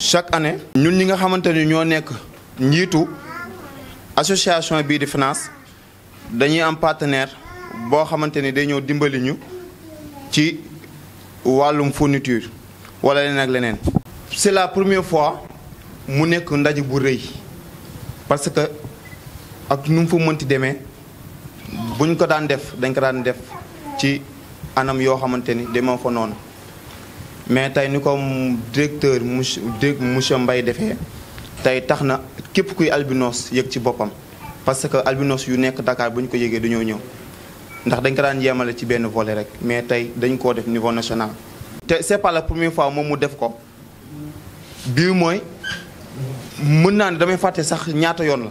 chaque année ñun ñi nga xamante ni ñoo nekk njiitu association bii di finance dañuy am partenaire boo xamante ni day ñëw dimbali ñu ci wàllum fourniture wala leneen ak leneen. c'est la première fois mu nekk ndaje bu rëy parce que ak nu mu fa mënti demee. buñ ko daan def dañ ko daan def ci anam yoo xamante ni dema fa noonu mais tey ni ko directeur monsieur mbay defee tey tax na képp kuy albinos yëg ci boppam parce que albinos yu nekk Dakar buñ ko yëgee du ñëw ñëw ndax dañ ko daan yemale ci benn volet rek mais tey dañ ko def niveau national te c'est pas la fois moom mu def ko bii mooy mën naa ne damay fàtte sax ñaata yoon la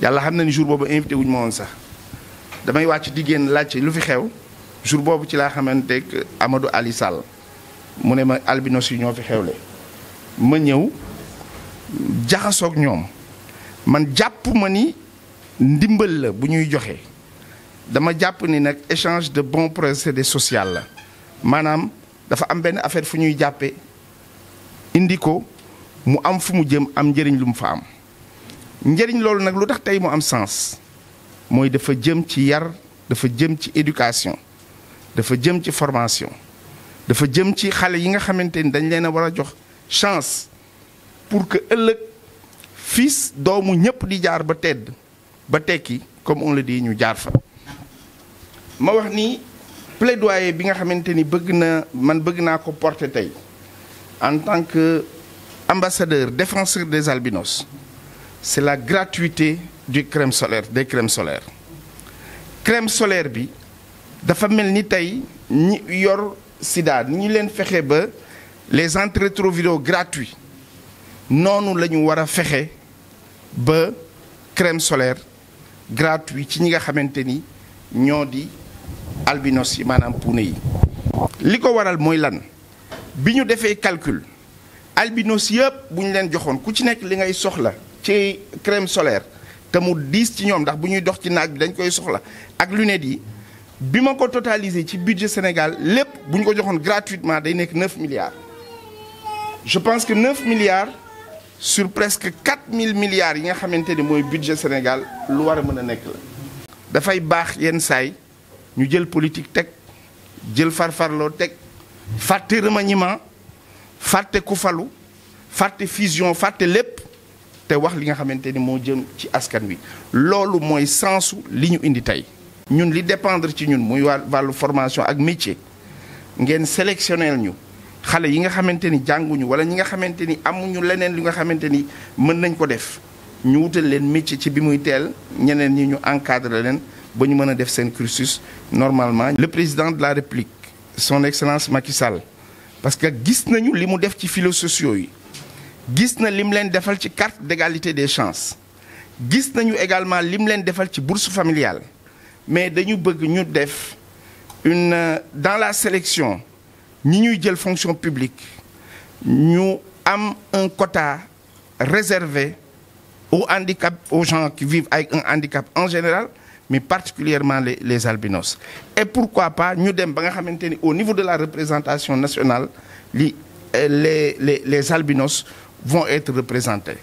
yàlla xam na ni jour boobu invité wuñ ma sax damay wàcc di génn laajte lu fi xew jour boobu ci laa xamante Amadou Ali mu ne ma albinos yi ñoo fi xewle ma ñëw jaxasoog ñoom man jàpp ma ni ndimbal la bu ñuy joxe dama jàpp ni nag échange de bons procédés social la maanaam dafa am benn affaire fu ñuy jàppe indi ko mu am fu mu jëm am njëriñ lu mu fa am njëriñ loolu nak lutax tay tey mu am sens moy dafa jëm ci yar dafa jëm ci éducation dafa jëm ci formation dafa jëm ci xalé yi nga xamanteni dañ leena wara jox chance pour que ëllëg fils doomu ñépp di jaar ba tedd ba tekki comme on le dit ñu jaar fa ma wax ni plaidoyer bi nga xamanteni bëgg na man bëgg naa ko porter tay en tant que ambassadeur défenseur des albinos c'est la gratuité du crème solaire des crèmes solaires crème solaire bi dafa mel ni tey yor sida ni ñu leen fexe ba les antirétroviraux gratuits Non, nous ñu war a fexe ba crème solaire gratuit ci ñi nga xamanteni, ni di albinos yi manam puune yi li ko waral moy lan biñu ñu calcul albinos yëpp bu len leen ku ci li ngay soxla ci crème solaire te mu diis ci ñom ndax bu ñuy dox ci nak bi dañ koy soxla ak lunettes yi bima ko totaliser ci budget Sénégal lepp buñ ko joxone gratuitement day nek 9 milliards. je pense que 9 milliards sur presque 4000 milliards yi nga xamante moy budget Sénégal lu war mëna nek la da fay dafay baax yenn saay ñu jël politique tek jël farfarloo teg fàtte remaniement fàtte kou falu fàtte fusion fàtte lepp te wax li nga xamanteni mo jëm ci askan wi lolu moy sensu li ñu indi tay ñun li dépendre ci ñun muy walu formation ak métier ngeen sélectionnel ñu xalé yi nga xamanteni ni jànguñu wala ñi nga xamanteni ni amuñu leneen li nga xamanteni ni mën nañ ko def ñu wutal leen métier ci bi muy tel ñeneen ñi ñu encadrer leen ba ñu mëna def seen cursus normalement. le président de la république son excellence Macky Sall parce que gis nañu limu def ci philosophie sociaux gis na lim leen defal carte d'égalité des chances gis nañu également lim leen defal ci bourse familiale mais dañu bëgg ñu def une dans la sélection ñi ñuy jël fonction publique ñu am un quota réservé au handicap aux gens qui vivent avec un handicap en général mais particulièrement les, les albinos et pourquoi pas ñu dem ba nga au niveau de la représentation nationale li euh, les les les albinos vont être représentés.